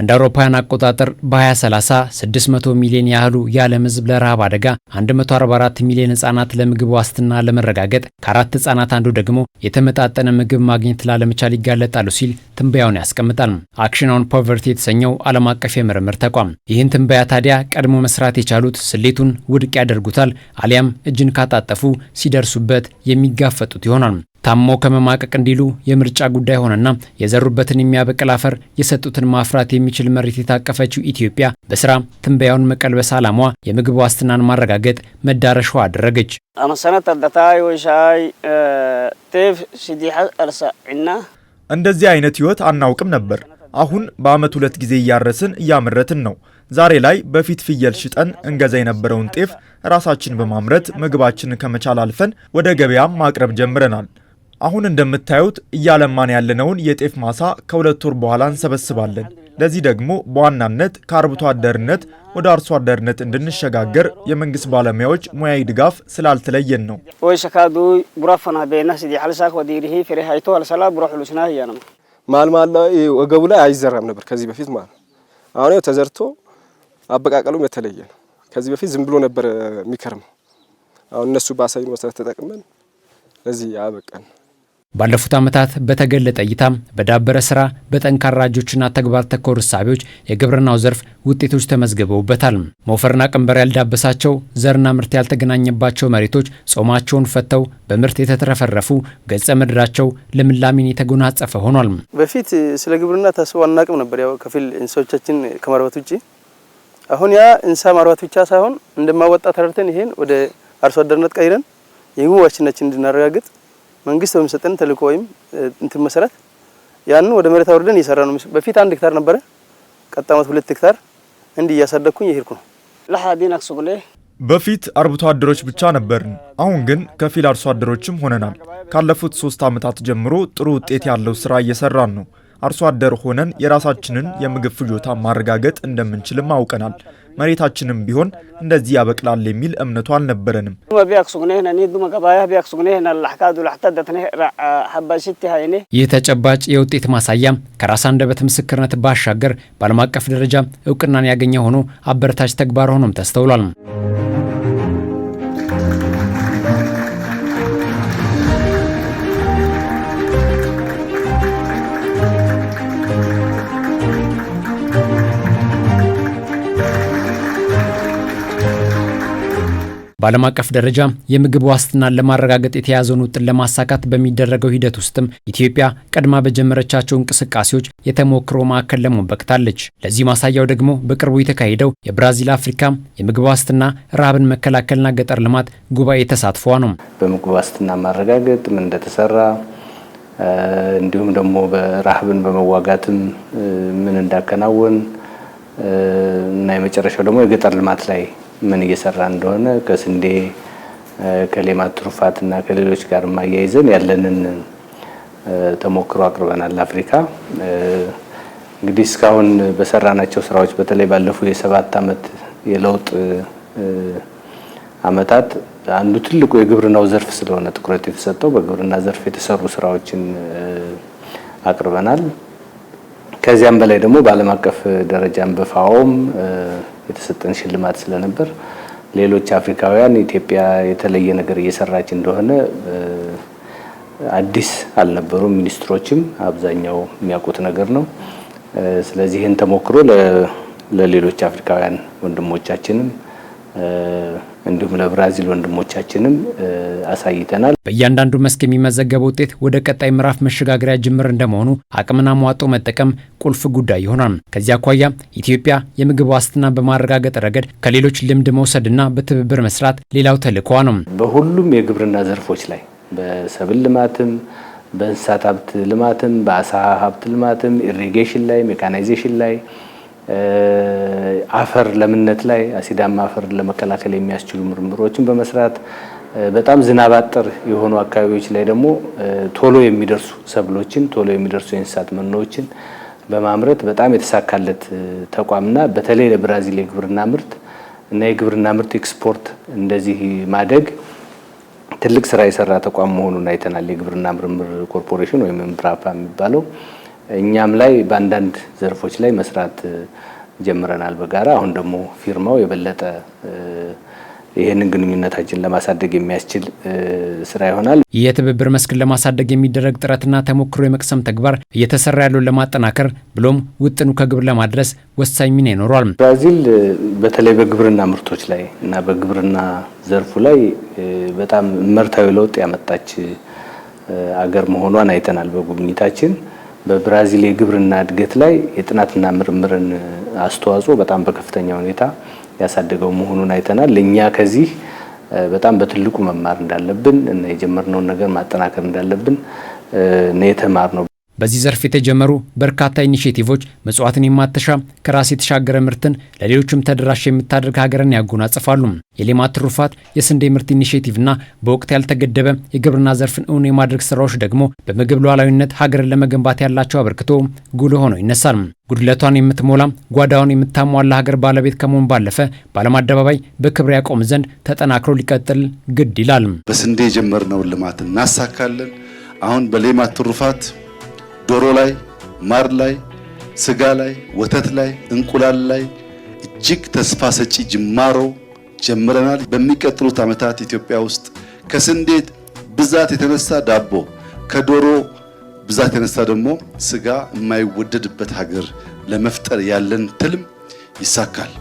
እንደ አውሮፓውያን አቆጣጠር በ2030 600 ሚሊዮን ያህሉ የዓለም ህዝብ ለረሃብ አደጋ፣ 144 ሚሊዮን ህጻናት ለምግብ ዋስትና ለመረጋገጥ፣ ከአራት ህጻናት አንዱ ደግሞ የተመጣጠነ ምግብ ማግኘት ላለመቻል ይጋለጣሉ ሲል ትንበያውን ያስቀምጣል። አክሽን ኦን ፖቨርቲ የተሰኘው ዓለም አቀፍ የምርምር ተቋም ይህን ትንበያ ታዲያ ቀድሞ መስራት የቻሉት ስሌቱን ውድቅ ያደርጉታል፣ አሊያም እጅን ካጣጠፉ ሲደርሱበት የሚጋፈጡት ይሆናል። ታሞ ከመማቀቅ እንዲሉ የምርጫ ጉዳይ ሆነና የዘሩበትን የሚያበቅል አፈር የሰጡትን ማፍራት የሚችል መሬት የታቀፈችው ኢትዮጵያ በስራ ትንበያውን መቀልበስ ዓላማዋ የምግብ ዋስትናን ማረጋገጥ መዳረሻዋ አደረገች። እንደዚህ አይነት ህይወት አናውቅም ነበር። አሁን በአመት ሁለት ጊዜ እያረስን እያመረትን ነው። ዛሬ ላይ በፊት ፍየል ሽጠን እንገዛ የነበረውን ጤፍ ራሳችን በማምረት ምግባችንን ከመቻል አልፈን ወደ ገበያም ማቅረብ ጀምረናል። አሁን እንደምታዩት እያለማን ያለነውን የጤፍ ማሳ ከሁለት ወር በኋላ እንሰበስባለን። ለዚህ ደግሞ በዋናነት ከአርብቶ አደርነት ወደ አርሶ አደርነት እንድንሸጋገር የመንግስት ባለሙያዎች ሙያዊ ድጋፍ ስላልተለየን ነው። ማልማላ ወገቡ ላይ አይዘራም ነበር ከዚህ በፊት ማለት አሁን አሁን ተዘርቶ አበቃቀሉም የተለየ ነው። ከዚህ በፊት ዝም ብሎ ነበር የሚከርመው። አሁን እነሱ ባሳዩን መሰረት ተጠቅመን ለዚህ አበቀን። ባለፉት ዓመታት በተገለጠ እይታ በዳበረ ስራ በጠንካራ እጆችና ተግባር ተኮር እሳቤዎች የግብርናው ዘርፍ ውጤቶች ተመዝግበውበታል። ሞፈርና ቀንበር ያልዳበሳቸው ዘርና ምርት ያልተገናኘባቸው መሬቶች ጾማቸውን ፈተው በምርት የተትረፈረፉ፣ ገጸ ምድራቸው ልምላሜን የተጎናጸፈ ሆኗል። በፊት ስለ ግብርና ታስቦ አናቅም ነበር። ያው ከፊል እንስሳዎቻችን ከማርባት ውጭ አሁን ያ እንስሳ ማርባት ብቻ ሳይሆን እንደማወጣ ተረድተን ይሄን ወደ አርሶ አደርነት ቀይረን የግባችናችን እንድናረጋግጥ መንግስት በሚሰጠን ተልእኮ ወይም እንትን መሰረት ያንን ወደ መሬት አውርደን እየሰራ ነው። በፊት አንድ ሄክታር ነበረ። ቀጣመት ሁለት ሄክታር እንዲህ እያሳደግኩኝ የሄድኩ ነው። በፊት አርብቶ አደሮች ብቻ ነበርን። አሁን ግን ከፊል አርሶ አደሮችም ሆነናል። ካለፉት ሶስት ዓመታት ጀምሮ ጥሩ ውጤት ያለው ስራ እየሰራን ነው። አርሶ አደር ሆነን የራሳችንን የምግብ ፍጆታ ማረጋገጥ እንደምንችልም አውቀናል። መሬታችንም ቢሆን እንደዚህ ያበቅላል የሚል እምነቱ አልነበረንም። ይህ ተጨባጭ የውጤት ማሳያ ከራስ አንደበት ምስክርነት ባሻገር በዓለም አቀፍ ደረጃ እውቅናን ያገኘ ሆኖ አበረታች ተግባር ሆኖም ተስተውሏል። በዓለም አቀፍ ደረጃ የምግብ ዋስትናን ለማረጋገጥ የተያዘውን ውጥን ለማሳካት በሚደረገው ሂደት ውስጥም ኢትዮጵያ ቀድማ በጀመረቻቸው እንቅስቃሴዎች የተሞክሮ ማዕከል ለመሆን በቅታለች። ለዚህ ማሳያው ደግሞ በቅርቡ የተካሄደው የብራዚል አፍሪካ የምግብ ዋስትና ረሃብን መከላከልና ገጠር ልማት ጉባኤ ተሳትፏ ነው። በምግብ ዋስትና ማረጋገጥ ምን እንደተሰራ እንዲሁም ደግሞ በረሃብን በመዋጋትም ምን እንዳከናወን እና የመጨረሻው ደግሞ የገጠር ልማት ላይ ምን እየሰራ እንደሆነ ከስንዴ ከሌማት ትሩፋት እና ከሌሎች ጋር ማያይዘን ያለንን ተሞክሮ አቅርበናል። አፍሪካ እንግዲህ እስካሁን በሰራናቸው ስራዎች በተለይ ባለፉ የሰባት ዓመት የለውጥ ዓመታት አንዱ ትልቁ የግብርናው ዘርፍ ስለሆነ ትኩረት የተሰጠው በግብርና ዘርፍ የተሰሩ ስራዎችን አቅርበናል። ከዚያም በላይ ደግሞ በዓለም አቀፍ ደረጃን በፋውም የተሰጠን ሽልማት ስለነበር ሌሎች አፍሪካውያን ኢትዮጵያ የተለየ ነገር እየሰራች እንደሆነ አዲስ አልነበሩም። ሚኒስትሮችም አብዛኛው የሚያውቁት ነገር ነው። ስለዚህ ይህን ተሞክሮ ለሌሎች አፍሪካውያን ወንድሞቻችንም እንዲሁም ለብራዚል ወንድሞቻችንም አሳይተናል። በእያንዳንዱ መስክ የሚመዘገበ ውጤት ወደ ቀጣይ ምዕራፍ መሸጋገሪያ ጅምር እንደመሆኑ አቅምና ሟጦ መጠቀም ቁልፍ ጉዳይ ይሆናል። ከዚህ አኳያ ኢትዮጵያ የምግብ ዋስትና በማረጋገጥ ረገድ ከሌሎች ልምድ መውሰድና በትብብር መስራት ሌላው ተልዕኮዋ ነው። በሁሉም የግብርና ዘርፎች ላይ በሰብል ልማትም፣ በእንስሳት ሀብት ልማትም፣ በአሳ ሀብት ልማትም፣ ኢሪጌሽን ላይ፣ ሜካናይዜሽን ላይ አፈር ለምነት ላይ አሲዳማ አፈር ለመከላከል የሚያስችሉ ምርምሮችን በመስራት በጣም ዝናብ አጠር የሆኑ አካባቢዎች ላይ ደግሞ ቶሎ የሚደርሱ ሰብሎችን ቶሎ የሚደርሱ የእንስሳት መኖዎችን በማምረት በጣም የተሳካለት ተቋምና በተለይ ለብራዚል የግብርና ምርት እና የግብርና ምርት ኤክስፖርት እንደዚህ ማደግ ትልቅ ስራ የሰራ ተቋም መሆኑን አይተናል። የግብርና ምርምር ኮርፖሬሽን ወይም ምራፓ የሚባለው እኛም ላይ በአንዳንድ ዘርፎች ላይ መስራት ጀምረናል በጋራ አሁን ደግሞ ፊርማው የበለጠ ይህንን ግንኙነታችን ለማሳደግ የሚያስችል ስራ ይሆናል። የትብብር መስክን ለማሳደግ የሚደረግ ጥረትና ተሞክሮ የመቅሰም ተግባር እየተሰራ ያለውን ለማጠናከር ብሎም ውጥኑ ከግብር ለማድረስ ወሳኝ ሚና ይኖሯል። ብራዚል በተለይ በግብርና ምርቶች ላይ እና በግብርና ዘርፉ ላይ በጣም መርታዊ ለውጥ ያመጣች አገር መሆኗን አይተናል በጉብኝታችን። በብራዚል የግብርና እድገት ላይ የጥናትና ምርምርን አስተዋጽኦ በጣም በከፍተኛ ሁኔታ ያሳደገው መሆኑን አይተናል። እኛ ከዚህ በጣም በትልቁ መማር እንዳለብን እና የጀመርነውን ነገር ማጠናከር እንዳለብን ነው የተማርነው። በዚህ ዘርፍ የተጀመሩ በርካታ ኢኒሽቲቮች ምጽዋትን የማትሻ ከራስ የተሻገረ ምርትን ለሌሎችም ተደራሽ የምታደርግ ሀገርን ያጎናጽፋሉ። የሌማት ትሩፋት፣ የስንዴ ምርት ኢኒሼቲቭና በወቅት ያልተገደበ የግብርና ዘርፍን እውን የማድረግ ስራዎች ደግሞ በምግብ ሉዓላዊነት ሀገርን ለመገንባት ያላቸው አበርክቶ ጉልህ ሆኖ ይነሳል። ጉድለቷን የምትሞላ ጓዳውን የምታሟላ ሀገር ባለቤት ከመሆን ባለፈ በዓለም አደባባይ በክብር ያቆም ዘንድ ተጠናክሮ ሊቀጥል ግድ ይላል። በስንዴ የጀመርነውን ልማት እናሳካለን። አሁን በሌማት ትሩፋት ዶሮ ላይ፣ ማር ላይ፣ ስጋ ላይ፣ ወተት ላይ፣ እንቁላል ላይ እጅግ ተስፋ ሰጪ ጅማሮ ጀምረናል። በሚቀጥሉት ዓመታት ኢትዮጵያ ውስጥ ከስንዴ ብዛት የተነሳ ዳቦ፣ ከዶሮ ብዛት የተነሳ ደግሞ ስጋ የማይወደድበት ሀገር ለመፍጠር ያለን ትልም ይሳካል።